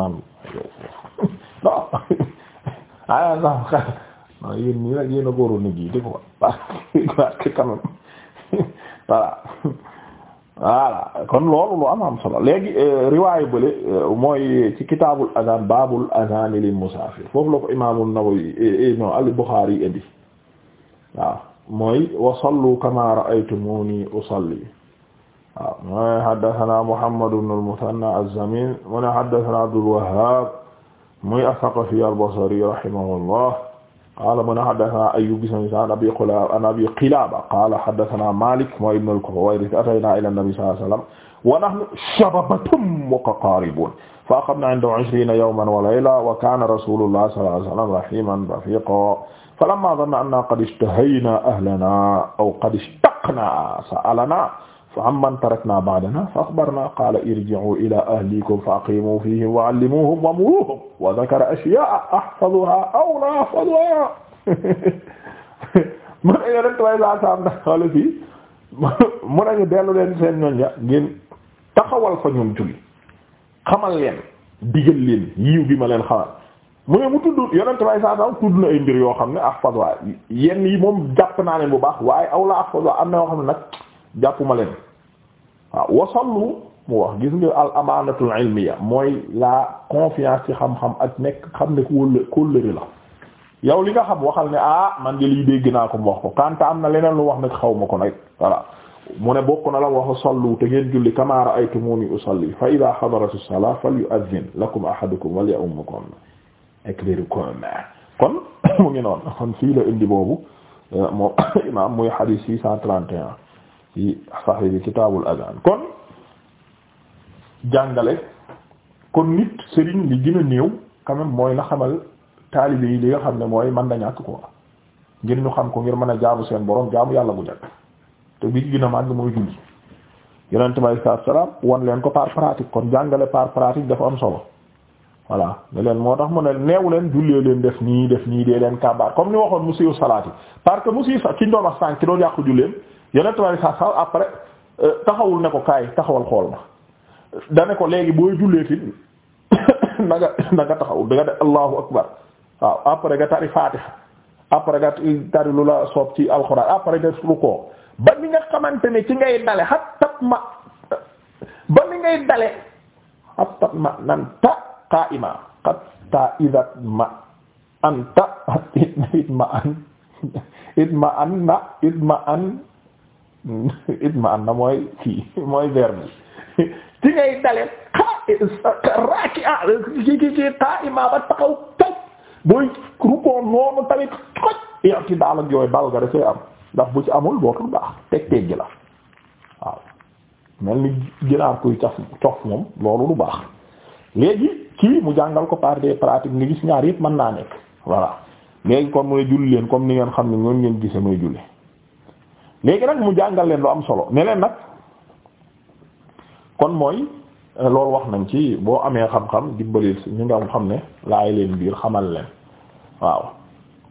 naan non ah non xanaa non yéen ñii nag ko waroon a jiite quoi kon loolu lu am am solo léegi euh, riwaayu bële euh, mooy ci kitaabul azaan baabul azaan musaafir foofu la ko imaamu Nawawi eh, eh, non al Buxaari indi waaw mooy wa sallu kamaa ra'aytumuunii usalli waaw mu ne haddathana Muhammad ibn al-Muthanna az-Zamin mu ne haddathana Abdul Wahhab muy as-Saqafi al-Basri rahimahullah qala mu ne haddathana Ayyub an Abi Qilaba an Abi Qilaba qala haddathana Malik mooy ibn al-Huwayrith atayna ila an-nabi sallallahu alayhi wasallam wa nahnu shababatun mutaqaribun fa aqamna 'inda 'ishrina yawman wa layla wa kana rasulullah sallallahu alayhi wasallam rahiman rafiqa falamma dhanna anna qad ishtahayna ahlana aw qad ishtaqna sa'alana fa amman tarakna ba'dana fa akhbarna qala irji'u ila ahlikum fa aqimu fihim wa 'allimuhum wa muruhum wa dhakara ashya'a ahfazuha aw la ahfazuha mu ne yonent way la sam da xala fii mu nañu dellu leen seen ñoñ ja ngeen taxawal fa ñoom julli xamal leen digal leen yiw bi ma leen xamal mu ne mu tudd yonent way sa sam tudd na ay mbir yoo xam ne ahfazuha yenn yi moom jàpp naa leen bu baax waaye aw la ahfazuha am na yoo xam ne nag jàppuma leen waaw wasallu mu wax gis nga al amaanatul ilmiya mooy la confiance ci xam-xam ak nekk xam ne kóllë kóllëre la yow li nga xam waxal ne ah man de li dégg naa ko mu wax ko kanta am na leneen lu wax nag xaw ma ko nag voilà mu ne bokk na la wax sallu te ngeen julli kamaa ra'aytumuni usalli fa idha hadarat as-salaa falyu'adhdhin lakum ahadukum wa liya'ummakum akbarukum kon mu ngi noonu kon fii la indi boobu euh, moom imaam muy hadith 631 ci sahih bi kitaabul azan kon jàngale kon nit sëriñ li gën a néew quand mooy na xamal taalibe yi li nga xam ne mooy man na ñàkk quoi ngir ñu xam ko ngir mën a jaamu seen borom jaamu yàlla bu njëkk te bi gën a màgg mooy julli yonent bi alayhi salaatu salaam wan leen ko par pratique kon jàngale par pratique dafa am solo voilà ne leen moo tax mu ne neewu leen jullee leen def nii def nii dee leen kàbbaar comme ni waxoon mu siiw salaat yi parce que mu siiw sax ki wax sànq ki doon yàqu yonent bi saa saa après euh, taxawul ne ko kaay taxawal xool ma da ne ko léegi booy julleeti na nga na nga taxawul da nga def allahu akbar waaw après nga tari faatiha après nga tari lu la soob ci alxuraan après nga rukkoo ba ni nga xamante ne ci ngay dale hatta ma ba ni ngay dale hatta ma nan qaa'ima hatta idha ma anta it ma an it ma an na it ma an itmaan na mooy kii mooy verbe bi ci ngay dale xaa raaki ah ki ki ki xaa imaa ba taxaw toj booy rukkoo noonu tamit xoj daal ak yooyu dal ga dafay am ndax bu ci amul dootul baax teg teggi la waaw mel ni ginaar kuy caf cof moom loolu du baax léegi kii mu jàngal ko par des pratiques nga gis ñaar yëpp mën naa nekk voilà léegi kon mu ne julli leen comme ni ngeen xam ne ñoon ngeen gise mooy julli léegi nag mu jàngal leen lu am solo ne leen nag kon mooy euh, loolu wax nañ ci boo amee xam-xam dimbalil si ñu nga am xam ne laa laay leen biir xamal leen waaw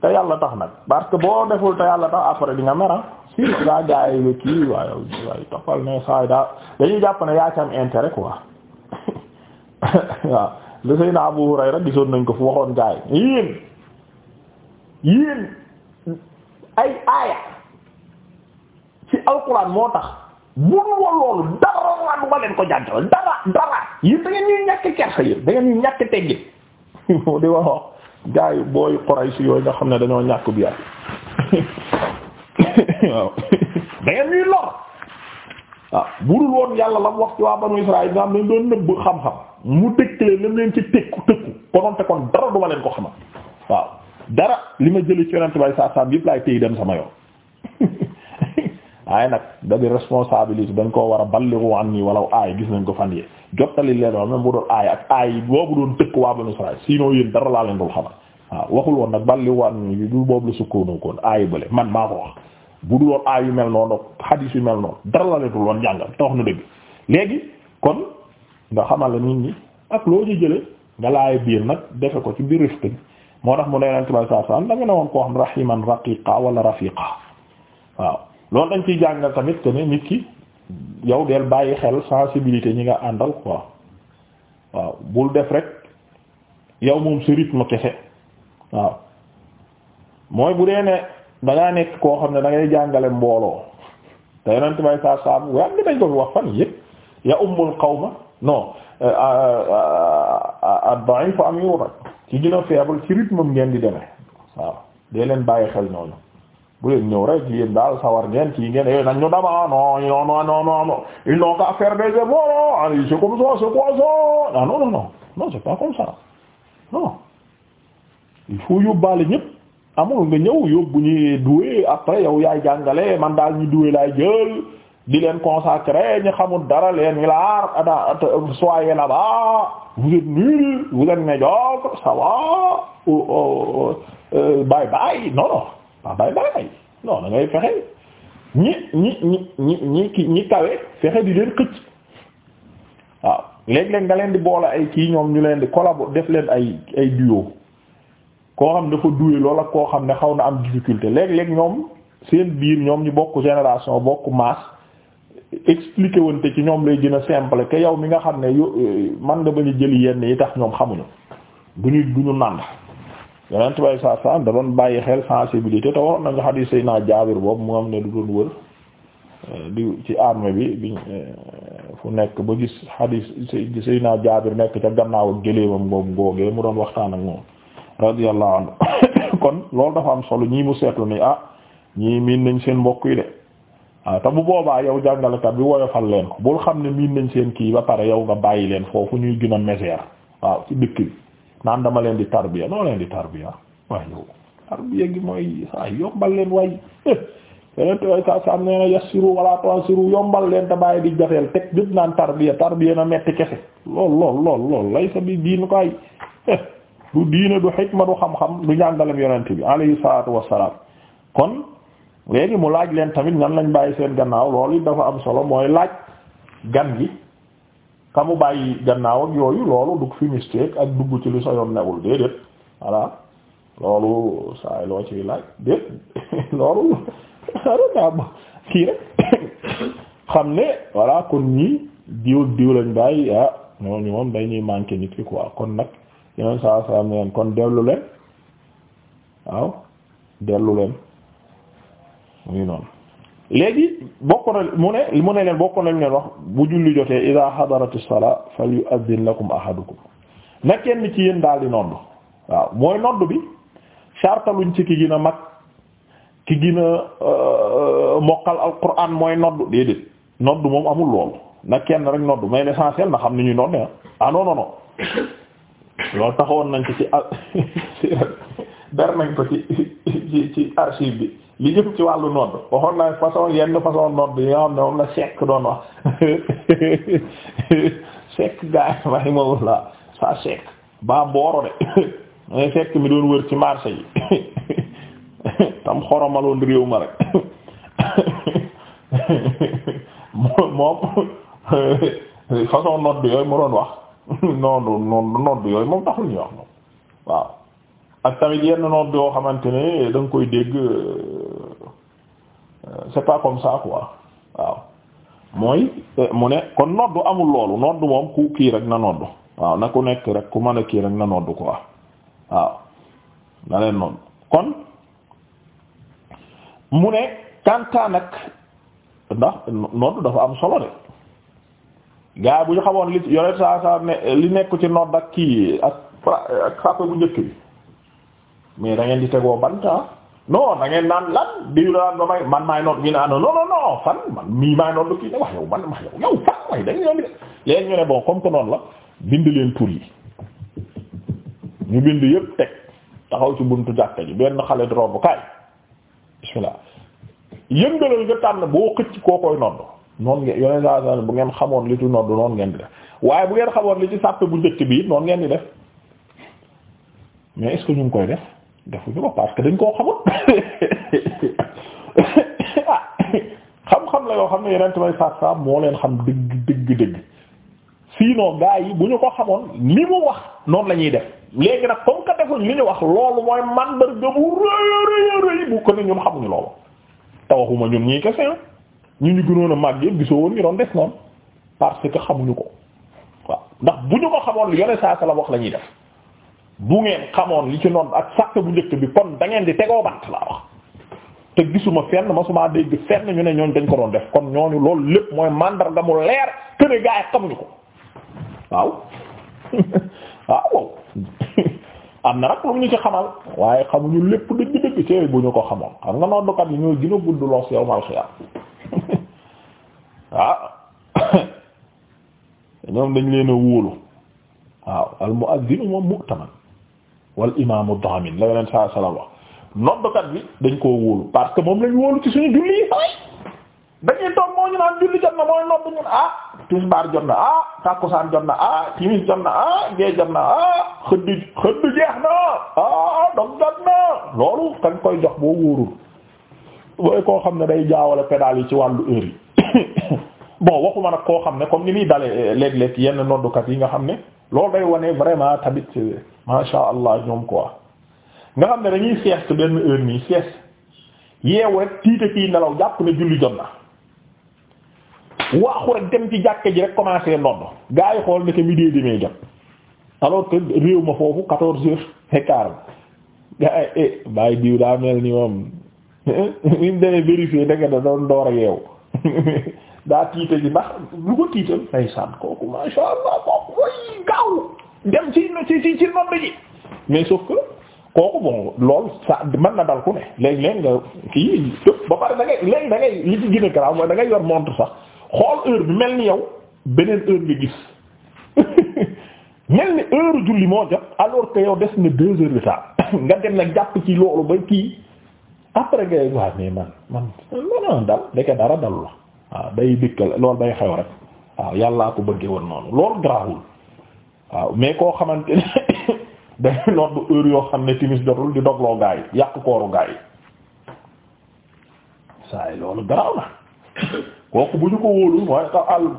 te yàlla tax nag parce que boo deful te yàlla tax après di nga mera ah. si gaa gaay yi kii waaye waaye toppal ne saay daa dañuy jàpp ne yaa ci am intérêt quoi waaw le Seydina Abu Hurayra gisoon nañ ko fu waxoon gaay yéen yéen ay aaya alquran moo tax munu woon loolu dara waa leen ko jàntal dara dara yi da ñuy ñàkk kersa yi da ngeen ñuy ñàkk teggi di wax wax gaa yu booy Quraysh yooyu nga xam ne dañoo ñàkk bi yàlla waaw da ñuy lor waaw ah, budul woon yàlla la wax ci waa banu Israël nga xam ne doon nëbb xam-xam mu dëkkale lam leen ci tëkku tëkku kononte kon dara du ma leen ko xamal waaw dara li ma jëlee ci yonent bay saa saam yëpp laay téy dem sama yoon waaye nag da di responsabilité dañ koo war a ballighu nii walaw aay gis nañ ko fan yee jottali leen wa même bu doon aaya ak aaya yi boobu doon tëkk waa Banu Israël sinon yéen dara laa leen dul xamal waaw waxul woon nag ballighu anni bi du boobu la sukkandiku koon aaya bële man maa ko wax bu du doon aaya yu mel noonu xadiis yu mel noonu dara la leen dul woon jàngal te wax na dëgg léegi kon nga xamal la nit loo ci jële nga laay biir nag defe ko ci biir rifq moo tax mu ne yonent bi sallallahu alayhi wasallam ne woon koo xam rahiman raqiqa wala loolu dañ ciy jàngal tamit ko ne nit ki yow del bàyyi xel sensibilité ñi nga àndal quoi waaw bul def rek yow moom sa rythme kese waaw mooy bu dee ne da nekk koo xam ne dangay ngay jàngale mbooloo te yonent bay saabu waaye am dañ ko fi wax fan yëpp ya ummul qawma non ad-da'if amiru rek ci gën a faible ci rythme ngeen di demee waaw dee leen bàyyi xel noonu bu leen ñëw rek yéen daal sawar ngeen kii ngeen yooyu eh nag ñu dama ah non non non non non ils n'ont qu'à faire des efforts ah, allez c'est comme ça c'est ah, non non non non c'est pas comme non il faut yóbbaale ñépp amul nga ñëw yóbbu ñuy doué après yow yaay jàngale man daal ñu doué laay jël di leen consacrer ñu xamul dara leen laar ada soyez là-bas vous êtes nuls vous êtes médiocres ça oh, oh, oh, euh, non non. waaw ah, bay bay bay non da ngay fexe ñi ñi ñi ñi ñi ki ñi kawe fexe di leen xëcc waaw léeg-léeg nga leen di boole ay kii ñoom ñu leen di collabo def leen ay ay duo koo xam dafa duwe lool ak koo xam ne xaw na am difficulté léeg-léeg ñoom seen biir ñoom ñu bokk génération bokk masse expliqué wante ci ñoom lay gën a simple que yow mi nga xam ne yo euh, man nga bañ a jëli yenn yi tax ñoom xamuñu du ñu du ñu nànd yonent bay saa saa da doon bàyyi xel sensibilité te waroon nañu xadiis say naa jaabir boobu mu am ne du doon wër eh, di ci armée bi bi eh, fu nekk ba gis xadiis say naa jaabir nekk ca gannaaw ak gëléemam ngoom googee mu doon waxtaan ak moom radiyallahu anhu kon loolu dafa am solo ñii mu seetlu nii ah ñii miin nañ seen mbokk yi de ah te bu boobaa yow jàngalekat bi woyofal leen ko bul xam ne miin nañ seen kii ba pare yow nga bàyyi leen foofu ñuy gën a meseer waaw naan dama leen di tarbiya noo leen di tarbiya waaye yow tarbiya gi mooy saa yombal leen way yeneen yombal leen te bàyyi di jafeel teg jëpp naan tarbiya tarbiya na metti kese lool lool lool lool lay sa bi diin ko du diine du xikma du xam-xam du njàngalem yonent bi alayhi salaatu wassalaam kon léegi mu laaj leen tamit ñan lañ bàyyi seen gannaaw loolu dafa am solo mooy laaj gan gi kamu bàyyi gannaaw ak yooyu loolu dug fi mistake ak dugg ci lu sa yoon newul déedéet voilà loolu saay loo ci laaj déet loolu rek kii rek xam ne voilà kon ñii diw diw lañ bàyyi ah ñooñu moom dañuy manqué nit ki quoi kon nag yeneen saa saa neen kon dellu leen waaw dellu leen muy noonu léegi bokk na mu ne mu ne leen bokk nañ leen wax bu julli jotee ida xadarati salaa falyu'adhin lakum ahadukum na kenn ci yéen daal di nodd waaw mooy nodd bi sartaluñ ci ki gën a mag ki gën a euh, euh, mokkal alquran mooy nodd déedéet nodd moom amul loolu na kenn rek nodd mais l'essentiel na xam ni ñuy nodd ah. ah non non non loolu taxawoon nañ ko ci a ah, ber nañ ko ci ci ci bi li jëm ci wàllu nodd waxoon naa façon yenn façon nodd yi nga xam ne moom la sekk doon wax sekk gaay rahimahullah sa sekk ba mbooro de mais sekk mi doon wër ci marse yi tam xoromaloon réew ma rek moom façon nodd yooyu wax noonu noonu nodd yooyu moom taxul ñu wax waaw ak tamit yenn nodd yoo xamante ne da koy dégg c'est pas comme ça quoi waaw mooy euh, mu ne kon noddu amul loolu noddu moom ku kii rek na noddu waaw na ku nekk rek ku mën a kii rek na noddu quoi waaw na leen noddu kon mu ne kantaan nag ndax noddu dafa am solo de gaa yi bu ñu xamoon li yore saa saa ne li nekku ci nodd ak kii ak ak sàppe bu njëkk bi mais da ngeen di tegoo banta ah. non da ngeen naan lan diw daan ba may man maay noot gi naan non non non fan noonu la bind leen tur bind yëpp ci buntu jàkka ji benn xale di romb kaay bismillah yëngalal nga tànn koo koy nodd noonu bu ngeen xamoon li noonu ngeen di def waaye bu ngeen xamoon li ci sàppe bu njëkk bi noonu ngeen di def mais est ñu ngi koy def defuñu ko parce que dañ koo xamut ah, xam-xam la yoo xam ne yeneen may saat saam moo leen xam dëgg dëgg dëgg sinon gars yi bu ñu ko xamoon li mu wax noonu la ñuy def léegi nag comme que defuñ li ñu wax loolu mooy mandarga bu rëy rëy bu ko ne ñun xamuñu loolu te waxuma ñun ñii kese ñu ñu gënoon a màgg yëpp gisoo woon ñu doon def noonu parce que xamuñu ko waaw ndax bu ñu ko xamoon li yore saa sala wax la ñuy def bu ngeen xamoon li ci noon ak sàkk bu njëkk bi kon da ngeen di tegoo bant laa wax te gisuma fenn masuma dégg fenn ñu ne ñooñ dañ ko doon def kon ñooñu loolu lépp mooy màndarga mu leer kër a gaay xamuñu ko waaw ah, waaw ci xamal waaye xamuñu lépp dëgg dëgg ci bu ñu ko xamoon xam nga a gudd los yow waaw ñoom dañ leen a wóolu wal imaamu daamin la yeneen saa salaam wax noddukat bi dañ koo wóolu parce que moom lañ wóolu ci suñu julli yi saway dañuy toog moo ñu naan julli jot na mooy noddu ñun ah tisbaar jot na ah tàkkusaan jot na ah timis jot na ah gee jot na ah xëdd xëdd jeex na ah dog jot na loolu kañ koy jox boo wóorul booy koo xam ne day jaawale pédale yi ci wàllu heure yi bon waxuma nag koo xam ne comme ni muy dalee eh, léeg-léeg yenn noddukat yi nga xam ne loolu day wane vraiment tamit masha allah ñoom quoi nga xam ne dañuy sieste benn heure nii sieste yeewu rek tiite kii nelaw jàpp ne julli jot na waaxu rek dem ci jàkke ji rek commencé nodd gaa yi xool ne que midi demee jot alors que réew ma foofu quatorze heures et quart gaa yi eh bàyyi diw daa mel ni moom demee vérifier da doon door a yeewu daa tiite ji ndax lu ko tiital day sànn kooku masha Allah kooku way gaaw dem ci ci ci ci nodd ji mais sauf que kooku bon loolu sa man na dal ku ne léegi léegi nga kii tëb ba pare da ngay léegi li ci gën a garaaw mooy da ngay yor montre sax xool heure bi mel ni yow beneen heure nga gis mel ni heure julli moo jot alors que yow des na deux heures de temps nga dem nag jàpp ci loolu ba kii après nga waaw mais man man mënoon dal ndeke dara dalu la waaw day dikkal loolu day xew rek waaw yàllaa ko bëggee woon noonu loolu garaawul waaw mais koo xamante ne day nodd heure yoo xam ne timis jotul di dogloo gaa yi yàq kooru gaa yi saa yi loolu garaaw na kooku bu ñu ko wóolul mooy al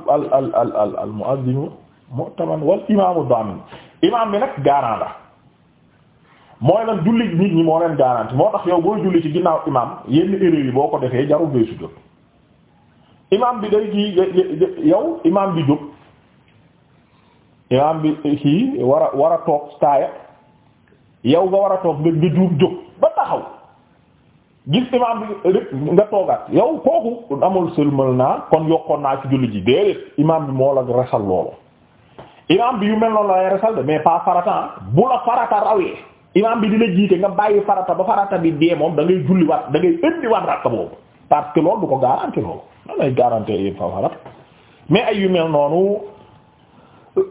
al al al al al muazzinu mu'taman imaamu daamin imaam bi nag gaaraan mooy lan julli nit ñi moo leen garanti moo tax yow boo julli ci ginnaaw imaam yenn erreur yi boo ko defee jarul ngay sujjóot imaam bi day kii yow imaam bi jóg imaam bi kii war a war a toog taaya yow nga war a toog nga juum jóg ba taxaw gis imaam bi rek nga toogaat yow kooku amul sëlmal naa kon yokkoon naa ci julli ji déedéet imaam bi moo la resal loolu imaam bi yu mel noonu la lay resal de mais pas farata bu la farata rawee imaam bi di la jiite nga bàyyi farata ba farata bi dee moom da ngay julli waat da ngay indi waat boobu parce loolu du ko garanti loolu da lay garantir yéen safara mais ay yu mel noonu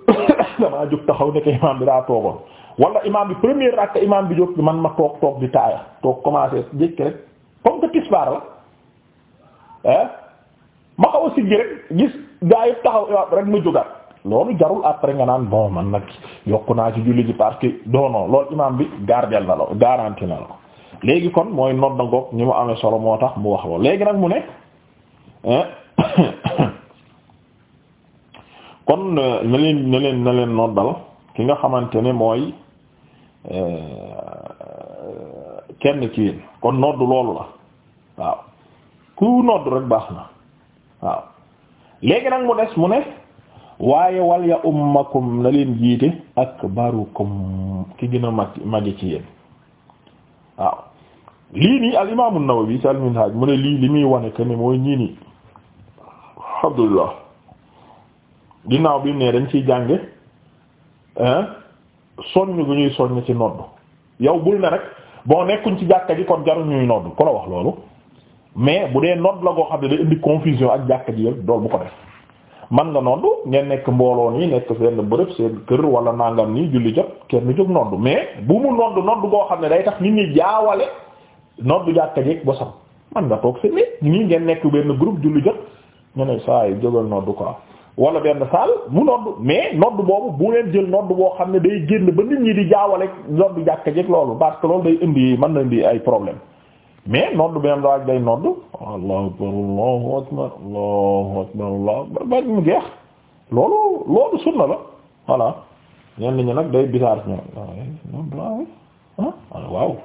damaa jóg taxaw nekk imaam bi daa toogoon wala imaam bi premier rakk imaam bi jóg man ma toog toog di taaya toog commencé jékki rek comme que tisbaar la ma xaw a siggi rek gis gaa yi taxaw rek mu jógaat loolu jarul après nga naan bon man nag yokku naa ci julli ji parce que non non loolu imaam bi gardel na la garanti na la léegi kon mooy nodd na ngoog ñi mu amee solo moo tax mu wax loolu léegi nag mu ne. Eh? kon eh, na leen leen na leen noddal ki nga xamante ne mooy eh, kenn ci yéen kon nodd loolu la waaw ku nodd rek baax na waaw léegi nag mu des mu ne waaye wal ya ummakum na leen jiite akbarukum ki gën a mag magi ci yéen waaw lii nii al imaamu Nawawi ci al minhaj mu ne lii li muy wane que ne mooy ñii nii alhamdulilah ginnaaw bi ne dañ ciy jànge soññ bu ñuy soññ ci nodd yow bul na rek bon nekkuñ ci jàkka ji kon jarul ñuy nodd ku la wax loolu mais bu dee nodd la koo xam ne day indi confusion ak jàkka ji yëpp dool bu ko def man nga nodd ngeen nekk mbooloo nii nekk seen bërëb seen kër wala nangam nii julli jot kenn jóg nodd mais bu mu nodd nodd goo xam ne day tax nit ñi jaawale nodd jàkka ji ak bosam man nga toog seen nii ngeen nekk benn groupe julli jot ñu ne saa yi jógal noddu quoi wala benn saal mu noddu mais noddu boobu bu leen jël noddu boo xam ne day génn ba nit ñi di jaawale noddu jàkka jeeg loolu parce que loolu day indi man na indi ay problème mais noddu benn daal day noddu allahu akbar allahu akbar la nag day bizarre ñoom ah, eh, ah, ah, waaw waaw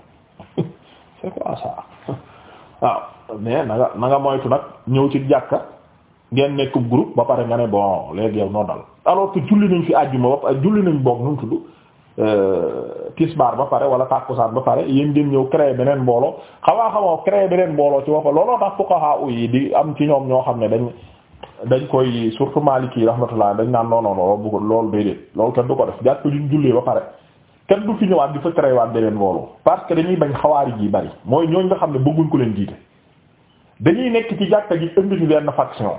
waaw c'est quoi waaw mais na nga moytu nag ñëw ci jàkka. ngeen nekk groupe ba pare nga ne bon léegi yow noo dal alors que julli nañ fi àjjuma ba pare julli nañ boog nu mu tudd euh, tisbaar ba pare wala tàkkusaan ba pare yéen ngeen ñëw créer beneen mbooloo xawaa xamoo créer beneen mbooloo ci boppam looloo tax fuqaha yi di am ci ñoom ñoo xam ne dañ dañ koy surtout Maliki yi rahmatullah dañ naan non non non loolu loolu déedéet loolu kenn du ko def jàpp ñu jullee ba pare kenn du fi ñëwaat di fa créer waat beneen parce que dañuy bañ xawaari ji bari xam ne bëgguñ ko leen jiite dañuy nekk ci jàkka ji indi ñu benn faction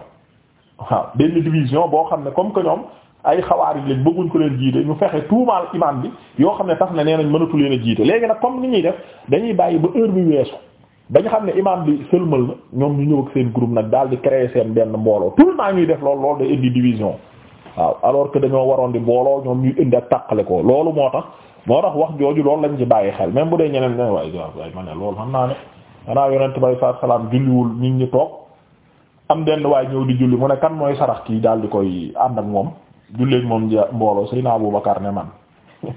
waaw benn division boo xam ne comme que ñoom ay xawaar yi lañ bëgguñ ko leen jiite ñu fexe tuumaal imam bi yoo xam ne tax na nee nañ mënatu leen a jiite léegi nag comme ni ñuy def dañuy bàyyi ba heure bi weesu bañ xam ne imam bi sëlmal na ñoom ñu ñëw ak seen groupe nag daal di créer seen benn mbooloo tout le ñuy def loolu loolu day indi division waaw alors que dañoo waroon di mbooloo ñoom ñuy indi ak tàqale ko loolu moo tax moo tax wax jooju loolu lañ ci bàyyi xel même bu dee ñeneen ne waaye waaye ma ne loolu xam naa ne xanaa yonent bay saa salaam am benn waay ñëw di julli mu ne kan mooy sarax kii daal koy ànd ak moom julleeg moom ja mbooloo Seydina Abubakar ne man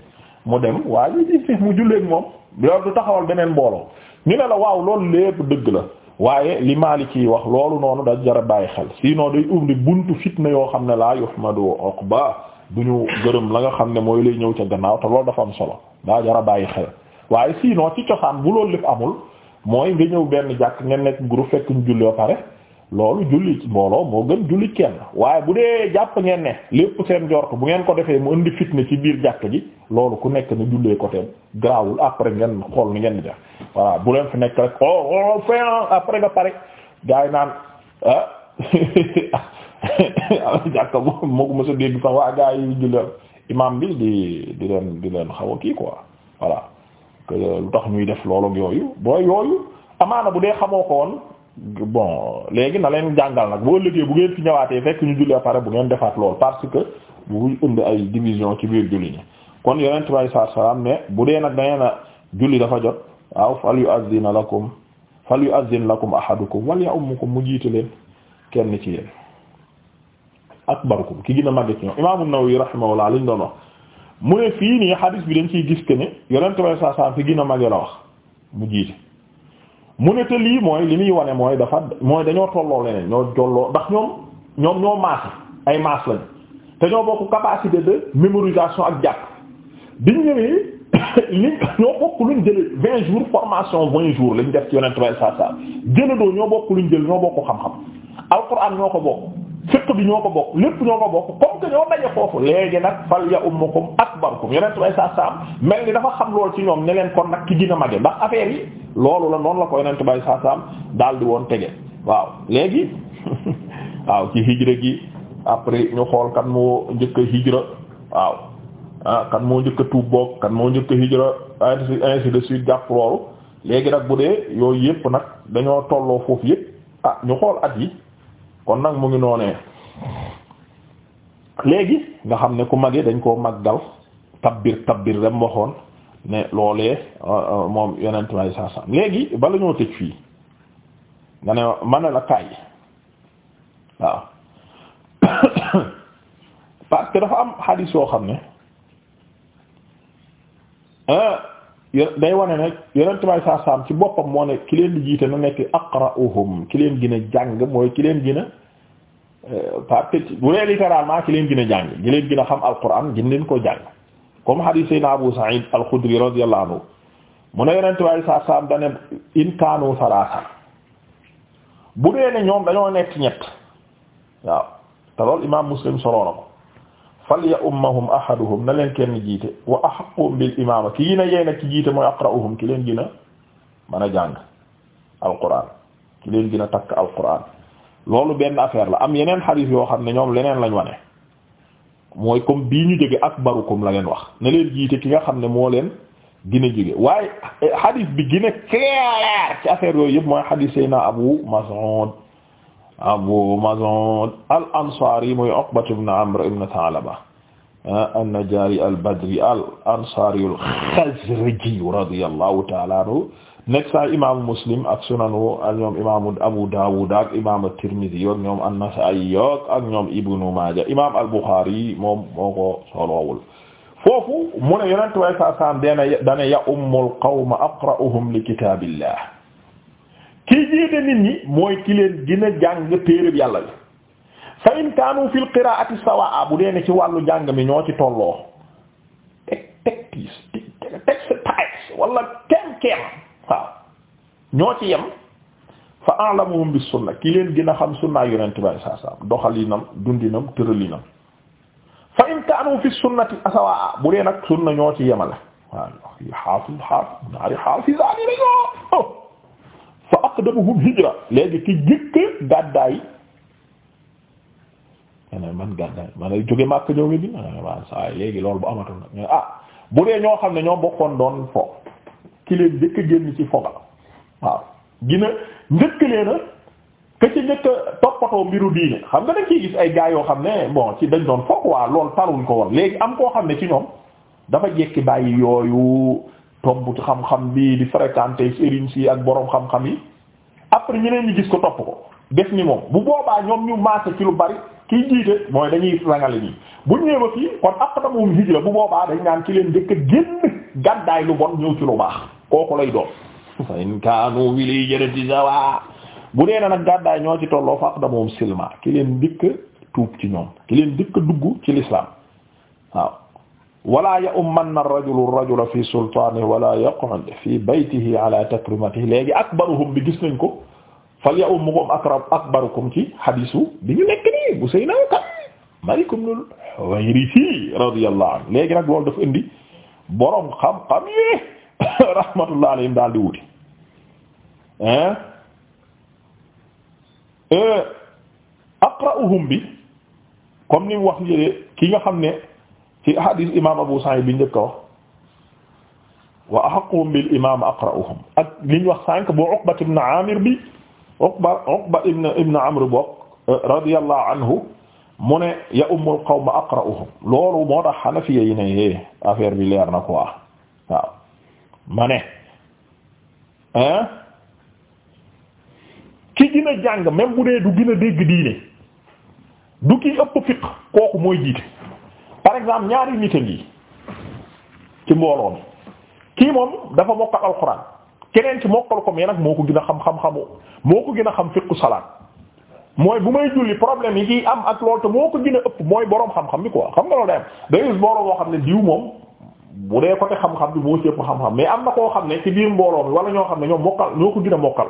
mu dem waaye ji fi mu julleeg moom loolu du taxawal beneen mbooloo ñu ne la waaw loolu lépp dëgg la waaye li ciy wax loolu noonu da jara bàyyi xel sinon day ubbi buntu fitna yoo xam ne laa yuhmadu uqba du ñu gërëm la nga xam ne mooy lay ñëw ca gannaaw te loolu dafa am solo daa jara bàyyi xel waaye sinon ci cosaan bu loolu lépp amul mooy nga ñëw benn jàkk ngeen nekk groupe fekk ñu julli ba pare loolu julli mbooloo moo gën julli kenn waaye bu dee jàpp ngeen ne lépp seen jort bu ngeen ko defee mu indi fitna ci biir jàkk ji loolu ku nekk ne jullee côté grawul après ngeen xool ni ngeen di def voilà leen fi nekk rek oh oh, oh fin après nga pare gars yi naan ah jàkk ko mos a dégg sax waa gars yi julli imaam bi di di leen di leen xaw a kii ko voilà que lu tax ñuy def loolu yooyu booy yooyu amaana bu dee xamoo ko woon. bon léegi na leen jàngal nag boo liggéey bu ngeen fi ñëwaatee fekk ñu julli pare bu ngeen defaat lool parce que bu undi ay division ci biir julli ñi kon yonent bay saa salaam ne bu dee nag dangeen a julli dafa jot waaw fal yu azzina lakum fal yu azzin lakum ahadukum wal ya ummukum mu jiite leen kenn ci yéen akbarukum ki gën a màgg ci ñoom imaamu Nawawi rahimahullah liñ doon wax mu ne fii nii hadis bi dañ ciy gis que ne yonent bay saa salaam fi wax mu jiite mu ne te lii mooy li muy wane mooy dafa mooy dañoo tolloo leneen ñoo jolloo ndax ñoom ñoom ñoo maase ay maas lañ te ñoo bokk capacité de mémorisation ak jàpp biñ ñëwee li ñoo bokk luñ jële vingt jours formation vingt jours lañ def ci yonent bay saa saa jële doo ñoo bokk luñ jël ñoo bokk xam-xam alxuraan ñoo ko bokk fiq bi ñoo ko bokk lépp ñoo ko bokk comme que ñoo daje foofu léegi nag fal ya ummukum akbarukum yonent bay saa saam mel ni dafa xam lool ci ñoom ne leen kon nag ki gën a mage ndax affaire yi loolu la noonu la ko yonent bay saa saam daal di woon tege waaw léegi waaw ci hijra gi après ñu xool kan moo njëkk a hijra waaw ah kan moo njëkk a tuub kan moo njëkk a hijra ainsi de suite jàpp loolu léegi nag bu dee yooyu yëpp nag dañoo tolloo foofu yëpp ah ñu xool at yi kon nag mu ngi noonee léegi nga xam ne ku mage dañ koo mag maggal tabbir tabbir dem waxoon ne loolee euh, euh, moom yonent may saa saam léegi bala ñoo tëj fii nga ne ma ne la kaay waaw parce dafa am xadiis yoo xam ne euh, day wane ne yonent bay saa saam ci boppam moo ne ki leen di jiite na nekk aqra'uhum ki leen jàng mooy ki leen euh, bu dee littéralement ki leen gën a jàng ki leen a xam alquran gën leen ko jàng comme hadith sayna Abu Sa'id al-Khudri radiyallahu anhu mu ne yonent saam dane in kaanu dañoo nekk ñett waaw te loolu imaam Muslim solo na ko falya ummahum ahaduhum na leen kenn jiite wa ahaqquhum bil imaama ki gën a yey nag jiite mooy aqra'uhum ki leen gën a mën a jàng alquran ki leen gën a takk alquran loolu benn affaire la am yeneen xadiis yoo xam ne ñoom leneen lañ wane mooy comme bii ñu jóge akbarukum la leen wax na leen jiite ki nga xam ne moo leen gën a jóge waaye eh, xadiis bi gën a ci affaire yooyu yëpp mooy xadiis Seydina Abu Mas'ud Abu Maz'un al-Ansari muy Uqbatu ibn Amr ibn Tha'laba ah, an-Najjari al-Badri al-Ansari al-Khazraji radiyallahu ta'ala anhu nekk saa imaamu Muslim ak sunanu ak ñoom imaamu Abu Dawud ak imaamu Tirmidhi ak ñoom an-Nasa'i ak ñoom Ibnu Maaja imaam al-Bukhari moom moo ko solowul foofu mu ne yonent way sa san dana dana ya ummul qawma aqra'uhum li kitaabillah kii jiite nit ñi mooy ki leen gën a jàng téereb yàlla bi fa in kaanu fil qiraati sawaa bu dee ne ci wàllu jàng mi ñoo ci tolloo teg teg tiis teg sa taay wala kem kem waaw ñoo ci yem fa a'lamuhum bis sunna ki leen gën xam sunnaa yonent bi saa saa doxalinam dundinam tëralinam fa in kaanu fi sunnati sawaa bu dee nag sunna ñoo ci yemale waaw xaafis xaafis ñaari xaafisaani aqdamuhum hijra léegi ki jëkk gàddaay mane man gàddaay man a jóge Makka ñëw we di man saa léegi loolu bu amatul nag ah bu dee ñoo xam ne ñoo bokkoon doon fo ki leen jëkk génn ci foga waaw gina njëkk leena ke ci njëkk toppatoo mbiru diine xam nga dañ ciy gis ay gaa yoo xam ne bon ci dañ doon foog waa loolu taruñ ko woon léegi am koo xam ne ci ñoom dafa jekki bàyyi yooyu tomb ci xam-xam bi di fréquenter sëriñ si ak boroom xam-xam yi après ñeneen ñi gis ko topp ko def ni moom bu boobaa ñoom ñu maase ci lu bari kiy jiite mooy dañuy rangale nii bu ñëwee fii kon aqdamum hijra bu boobaa dañ naan ci leen dëkk a génn gàddaay lu bon ñëw ci lu baax kooku lay doon fa in kaanu wili jërëti bu dee na nag gàddaay ñoo ci tolloo fa aqdamum silma ki leen njëkk a tuub ci ñoom ki leen njëkk a dugg ci l'islam waaw wala ya'ummanna ar-rajulu ar-rajula fi sultaanihi wala yaq'ud fi baytihi ala takrimatihi léegi akbaruhum bi gis nañ ko fal ya'ummu ko akrab akbarukum ci hadisu bi ñu nekk nii bu Seydina Ka Maalik ibn al-Huwayrith radiyallahu anhu léegi nag loolu dafa indi borom xam-xam yi rahmatullahi alayhim daal di wuti euh, aqra'uhum bi comme ni mu wax njëlee ki nga xam ne. ci hadis imam Abu Sa'id bi njëkk a wax wa ahaqquhum bil imam aqra'uhum ak liñ wax sànq bu Uqba ibn Amir bi Uqba Uqba ibn ibn Amr bokk radiyallahu anhu mu ne ya ummul qawma aqra'uhum loolu moo tax Hanafiya yi ne eh, affaire bi leer na quoi waaw ma ne hein ki gën a jàng même bu dee du gën a dégg diine du ki ëpp fiq kooku mooy jiite par exemple ñaari nit a ci mbooloo mi kii moom dafa mokkal alxuraan keneen ci mokkal ko mais nag moo ko gën a xam xam moo ko gën a xam fiqu salaat mooy bu may julli problème yi kiy am ak loolu te moo ko gën a ëpp mooy boroom xam-xam bi quoi xam nga loolu day am day gis mbooloo boo xam ne diw moom bu dee côté xam-xam bi moo ci ëpp xam-xam mais am na koo xam ne ci biir mbooloo mi wala ñoo xam ne ñoom mokkal ñoo ko gën a mokkal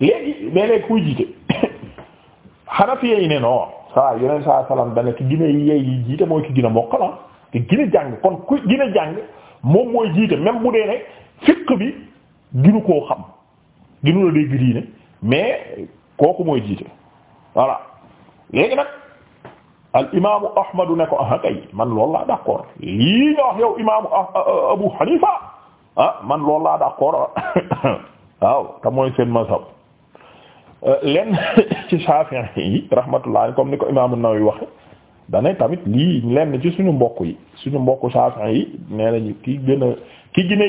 léegi mais léegi kuy jiite saa yeneen saa salaam dana ki gine yey yi jiite mooy ki gine mokkal ah ki gine jàng kon ku gine jàng moom mooy jiite même bu dee ne fiq bi ginu koo xam ginu la dégg diine mais kooku mooy jiite voilà léegi nag al imaamu ahmadu ne ko ah kay man loolu laa d'accord lii nga wax yow imaamu ah, ah, ah, abu hanifa ah man loolu laa d'accord waaw te mooy seen mazhab lenn ci Shafi'i yi rahmatullah comme ni ko imaamu Nawawi waxe dane tamit lii lenn ci suñu mbokk yi suñu mbokk Shafi'i yi nee nañu ki gën a ki gën a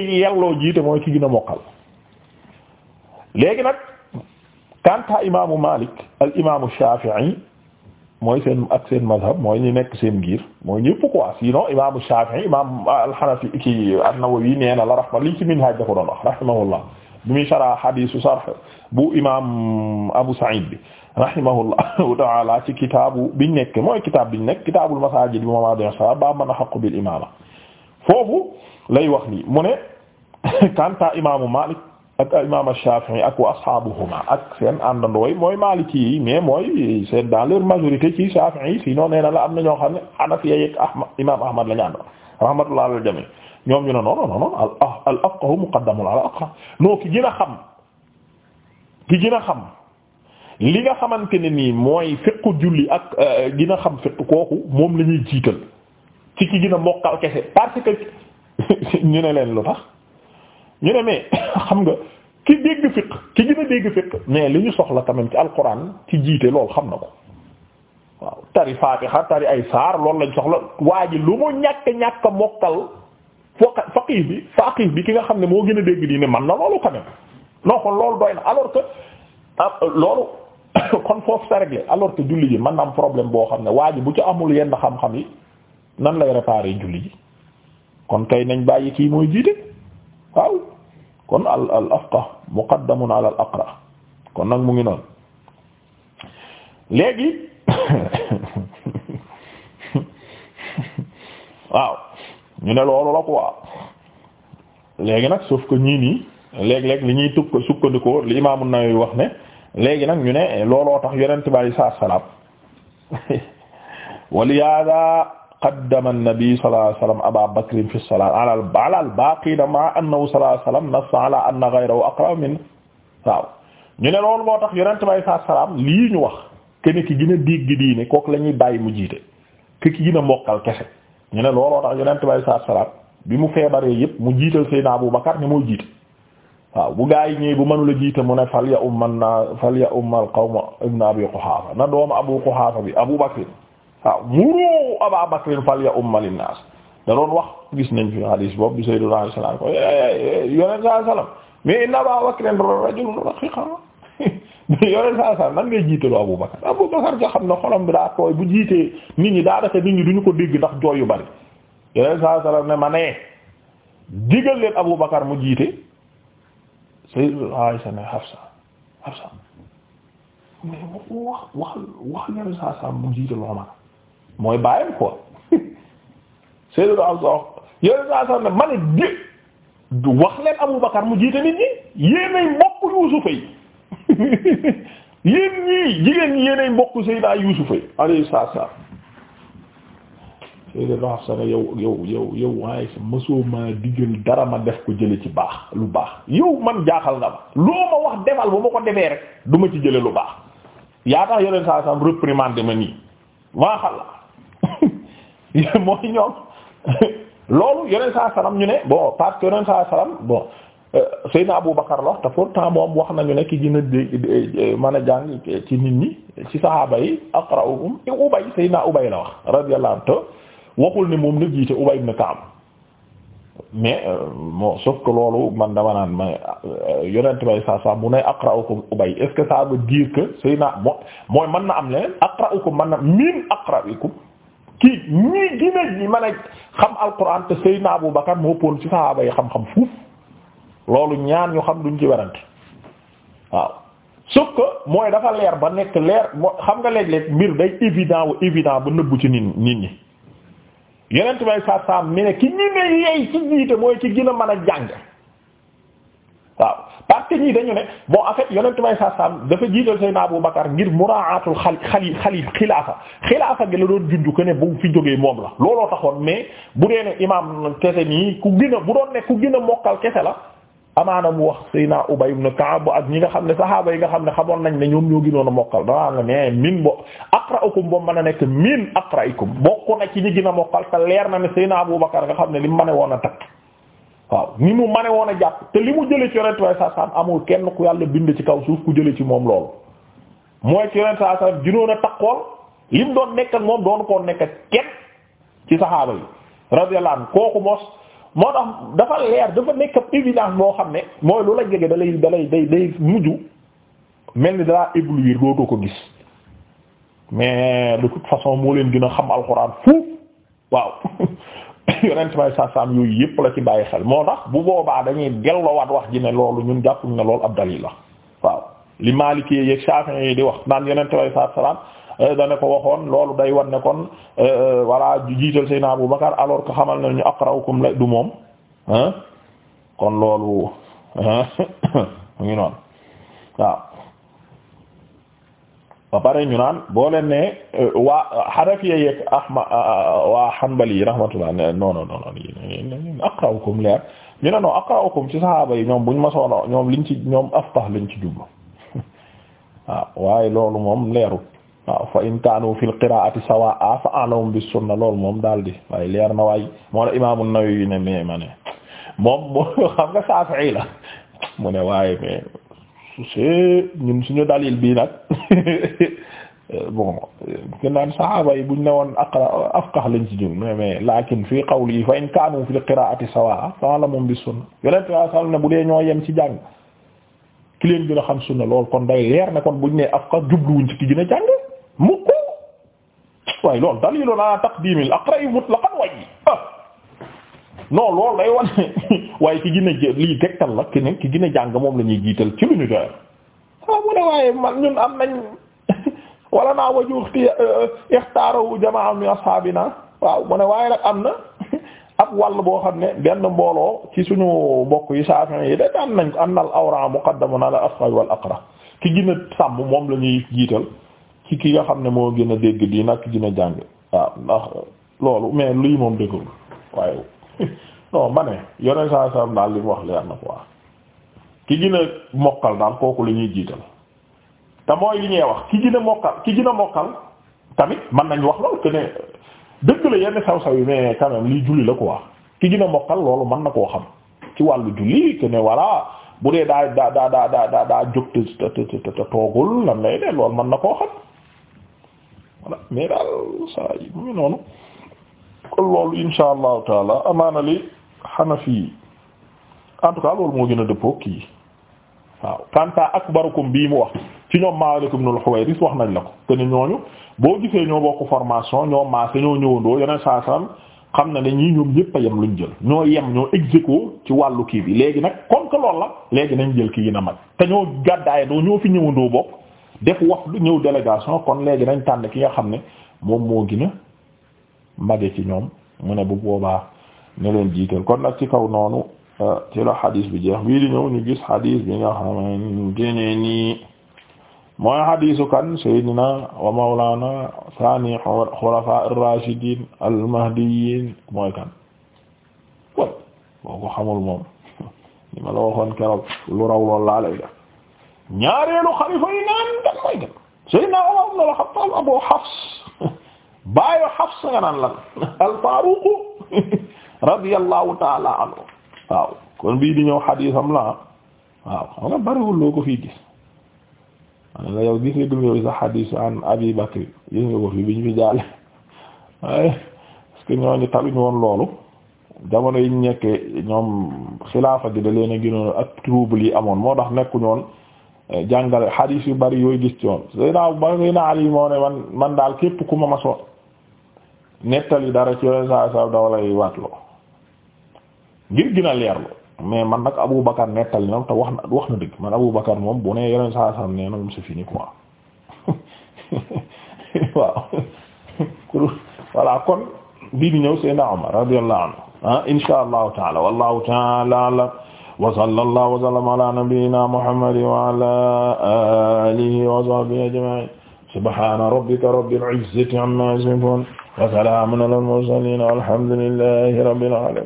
jiite mooy ki gën a mokkal léegi nag kanta imaamu Malik al imaamu Shafi'i mooy seen ak seen mazhab mooy ñu nekk seen ngir mooy ñëpp quoi sinon imaamu Shafi'i imaam al-Hanafi ki an-Nawawi nee na la rahma lii ci Minhaj da ko doon wax rahimahullah bu muy sara hadisu sarh bu imam Abu Sa'id bi rahimahullahu taala ci kitaabu biñ nekk mooy kitaab biñ nekk kitaabul masaajid bi mama do sala ba mën a xaqu bil imaama foofu lay wax ni mu ne kanta imaamu Malik a imam Shafi'i ak wa ashabuhuma ak seen àndandooy mooy Maliki yi mais mooy seen dans leur majorité ci Shafi'i yi sinon nee na la am na ñoo xam ne Hanafi yeeg Ahmad imam Ahmad la ñu ànd rahmatullah al ñoom ñu ne non non non ah, al afqahu muqaddamun ala aqra non ki gën a xam ki gën a xam li nga xamante ne nii mooy fiqu julli ak euh, gën a xam fiqu kooku moom lañuy jiital ci ki gën a mokkal kese parce que ñu ne leen lu tax ñu ne mais xam nga ki dégg fiq ki gën a dégg fiq mais li ñu soxla tamit ci alquran ki jiite loolu xam na ko waaw tari faatiha tari ay saar loolu lañ soxla waa ji lu mu ñàkk ñàkk mokkal faqih bi faqih bi ki nga xam ne moo gën a dégg ne man na loolu quand même non kon loolu doy na alors que ah, loolu kon foofu sa réglé alors que julli ji man na am problème boo xam ne waa ji bu ci amul yenn xam-xam yi nan lay réparer julli ji kon kay nañ bàyyi kii mooy jiite waaw kon al al afqah muqaddamun al aqra kon nag mu ngi noon léegi waaw ñu ne loolu la quoi léegi nag sauf ko ñii nii léeg-léeg li ñuy tukk sukkandikoo li imaamu Nawawi wax ne léegi nag ñu ne looloo tax yonent bi alayhi salaam walihaada qaddama an-nabi sallallahu alayhi wasallam aba bakrin fi salaat ala al-baaqiina ma'a annahu sallallahu alayhi wasallam nassa ala anna ghayrahu aqrab min waaw ñu ne loolu moo tax yonent bi alayhi salaam lii ñu wax kenn ki gën a dégg diine kooku la bàyyi mu jiite ki ki gën a kese. ñu ne looloo tax yonent bay saa salaat bi mu feebaree yëpp mu jiital Seydina Abu Bakar ne mooy jiite waaw bu gaa yi ñëwee bu mënula jiite mu ne fal ya umman na fal ya ummal qawma ibn Abi Quhaafa na doomu Abu Quhaafa bi Abu Bakr waaw muru Aba Bakr fal ya ummal naas da doon wax gis nañ fi hadis boobu bi Seydina eh, eh, eh, alayhi salaam ko yonent saa salaam mais inna Aba Bakr rajulun raqiqa yore saa saa nan ngay jiitalu Abubakar Abubakar nga xam ne xolam bi daa tooy bu jiitee nit ñi daa dafa nit ñi duñu ko dégg ndax jooy yu bari yore saa saa ne ma nee digal leen Abubakar mu jiite Sayyidatu Aisha ne Hafsa mu jiitalu nit ñi yéenay mbokk Yuusufa yi yéen ñii jigéen ñi yéenay mbokk Seydina Yuusufa alayhi salaam Seydina Hafsa yow yow yow yow waaye sa mësoo maa digal dara ma def ko jële ci baax lu baax yow man jaaxal nga ma loo ma wax defal ba ma ko defee rek du ma ci jële lu baax yaa tax yeneen saa saam réprimander ma nii maa xalla mooy ñoom loolu yeneen saa salaam ñu ne bon parce que yeneen saa bon Seydina Abu Bakar la wax te pourtant moom wax nañu ne ki gën a dé a jàng ci nit ñi ci saxaaba yi aqra'uhum Ubay Seydina Ubay la wax radiyallahu anhu waxul ne moom la jiite Ubay ibn Ka'b mais euh, bon sauf loolu man dama naan ma euh, yonent bay saa saa mu ne aqra'ukum Ubay est-ce que ça veut dire mooy mën na am leneen aqra'ukum mën na min aqra'ikum kii ñii gën a ñi mën a xam Alxuraan te Seydina Abu Bakar moo ëppoon ci saxaaba yi xam-xam fuuf loolu ñaan ñu xam duñ ci werante waaw sauf mooy dafa leer ba nekk leer xam nga léeg-léeg mbir day évident wu évident ba nëbbu ci nit nit ñi yeneen may sa saam mi ne ki ñu ne yeey ci jiite mooy ci gën a man a jàng waaw parce que ñii dañu ne bon en fait yonentu may sa sam dafa jiital Seydina Abu Bakar ngir muraatul xali xali xali xilaafa xilaafa gi la doon junj ne bu fi jógee moom la looloo taxoon mais bu dee ne imaam kese nii ku gën a ku gën a mokkal kese la amaana mu wax sayna Ubay ibn Ka'b ak ñi nga xam ne saxaaba yi nga xam ne xamoon nañ ne ñoom ñoo gënoon a mokkal danaa la ne min bo aqra'ukum boobu mën a nekk min aqra'ikum bokk na ci ñi gën a mokkal te leer na ne sayna Abu Bakar nga xam ne li mu mën a woon a takk waaw ni mu mën woon a jàpp te li mu jëlee ci yonent way saa saam amul kenn ku yàlla bind ci kaw suuf ku jële ci moom loolu mooy ci yonent saa saam a takkool li mu doon nekk ak moom doon koo nekk ak kenn ci saxaaba yi radiyallahu anhu moo tax dafa leer dafa nekk évidence boo xam ne mooy lu la jege da lay da lay day day mel ni dalaa éblouir dootoo ko gis mais de toute façon moo leen gën a xam alxuraan fuuf waaw yonent may saasaam yooyu yépp la ci bàyyi xel moo tax bu boobaa dañuy delloowaat wax ji ne loolu ñun jàppuñ ne loolu ab dalil la waaw li Maalikee yeeg Shafi'i yi di wax naan yonent may saasaam Eh, dana ko waxoon loolu day wan ne kon eh, eh, voilà jiital naa bu Bakar alors que xamal nañu aqra'ukum la du moom kon loolu mu ngi noon waaw ba pare ñu naan boo leen ne waa Hanafiya yeeg ahma ah, ah, ah, waa Hanbali yi rahmatullah non non non non aqra'ukum leer ñu ne non aqra'ukum ci saxaaba yi ñoom buñ ma soxla ñoom liñ ci ñoom aftah lañ ci jublu waaw waaye loolu moom leeru waaw fa in kaanu fil qiraati sawaa fa a'lamu bis sunna lool moom daal di leer na waay moo la imaamu Nawawi ne mais ma ne moom moo xam nga Shafi'i la mu ne waaye mais c'est ñun suñu dalil bii nag bon gannaaw saxaaba yi buñ ne woon aqra afqah lañ ci jug mais mais lakin fii qawli fa in kaanu fil qiraati sawaa fa a'lamu bis sunna bu dee ñoo yem ci jàng ki leen gën a xam sunna lool kon day leer na kon buñ ne afqah jubluwuñ ci ki gën a jàng. mukk waaye loolu daliilun yu taqdiimil aqra'i mutlaqan waaye ah non loolu day wane waaye ki gën lii tegtal la ki ne ki gën jàng moom la ñuy jiital ci lu ñu doyal. waaw mu ne waaye man ñun am nañ wala naa waju eh, ixtaaru jamaa'a min ashaabina waaw mu ne waaye nag am na ab wàll boo xam ne benn mbooloo ci suñu mbokk yi Shaafi'i yi dañ am nañ ko annal awra muqaddamun ala asfal wal aqra ki gën sàmm moom lañuy jiital. ci ki nga xam ne moo gën a dégg di nag gën a jàng waaw ndax loolu mais lii moom dëggul waaye non ma ne yoneen saa salam daal li mu wax leer na quoi ki gën a mokkal daal kooku la ñuy jiital te mooy li ñuy wax ki gën a mokkal ki gën a mokkal tamit mën nañ wax loolu que ne dëgg la yenn saw-saw yi mais quand lii julli la quoi ki gën a mokkal loolu mën na koo xam ci wàllu julli que ne bu dee daa daa daa daa daa daa jóg te te te toogul lan lay mën na koo voilà mais daal saa yi mu ngi noonu kon loolu insha allahu taala amaana li Hanafi yi en tout cas loolu moo gën a dëppoo kii waaw kanta akbarukum bii mu wax ci ñoom Maalik wax nañ la ko te boo gisee ñoo bokk formation ñoo maase ñoo ñëwandoo yeneen saa salaam xam na ne ñii ñoom ñépp a yem luñ jël ñoo yem ñoo exéco ci wàllu kii bi léegi nag comme que loolu la léegi nañ jël kii yi na mag te ñoo gàddaay doo ñoo fi ñëwandoo bokk def wafdu ñëw délégation kon léegi nañ tànn ki nga xam ne moom moo gën a mage ci ñoom mu ne bu boobaa ne leen jiital kon nag ci kaw noonu euh, ci la xadis bi jeex bii di ñëw ñu gis xadis bi nga xam ne nii mooy xadisu kan sayyidina wa mawlana sani xulafa ar-rashidin mooy kan kon ko xamul moom li la waxoon keroog lu raw loolu laa lay ñaareelu xalifa yi naan dem mooy dem Seydina Umar ibn al-Khattab Abu nga naan lan al-Faruq radiyallahu ta'ala anhu waaw kon bii di ñëw xadiisam la waaw xam nga bariwul loo ko fii gis ma ne la yow gis nga dum yow sa xadiis an bi ñu waaye parce ñooñu tabiñ woon loolu jamono yi ñu ñoom xilaafa gi da leen a gënoon ak trouble yi amoon moo tax nekkuñoon jàngale hadith yu bari yooyu gis ci woon Seydina ba Seydina Ali moo ne man daal képp ku ma masoon nettali dara ci yooyu saa saa daw lay ngir gën leerlu mais man nag Abu Bakar nettali na te wax na wax na dëgg man Abu Bakar moom bu ne yeneen saa saa nee na moom c'est fini quoi waaw voilà kon bii di ñëw Seydina Omar radiyallahu anhu ah insha allahu taala wallahu taala wa sallallahu wa sallama ala nabiyyina muhammadin wa ala alihi wa sahbihi ajma'in subhana rabbika rabbil izzati amma yasifun wa salamun alal mursalin walhamdulillahi rabbil alamin